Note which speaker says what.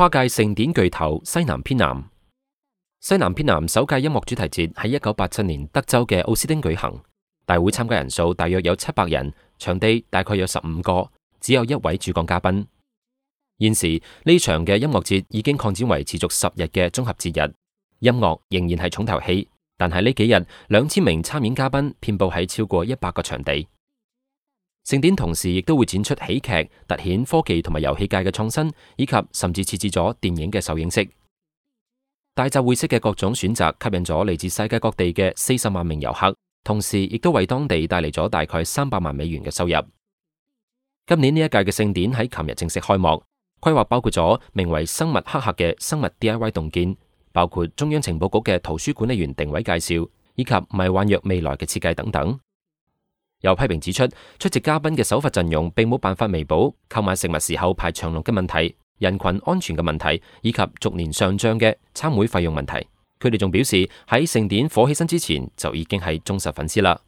Speaker 1: 跨界盛典劇透西南偏南。西南偏南首屆音樂主題節喺一九八七年德州嘅奧斯丁舉行。大會參加人數大約有七百人，場地大概有十五個，只有一位主講嘉賓。現時呢場嘅音樂節已經擴展為持續十日嘅綜合節日，音樂仍然係重頭戲，但係呢幾日兩千名參演嘉賓遍布喺超過一百個場地。盛典同時亦都會展出喜劇、凸顯科技同埋遊戲界嘅創新，以及甚至設置咗電影嘅首映式。大集會式嘅各種選擇吸引咗嚟自世界各地嘅四十萬名遊客，同時亦都為當地帶嚟咗大概三百萬美元嘅收入。今年呢一屆嘅盛典喺琴日正式開幕，規劃包括咗名為《生物黑客》嘅生物 DIY 動件，包括中央情報局嘅圖書管理員定位介紹，以及迷幻藥未來嘅設計等等。又批評指出，出席嘉賓嘅首發陣容並冇辦法彌補購買食物時候排長龍嘅問題、人群安全嘅問題，以及逐年上漲嘅參會費用問題。佢哋仲表示喺盛典火起身之前就已經係忠實粉絲啦。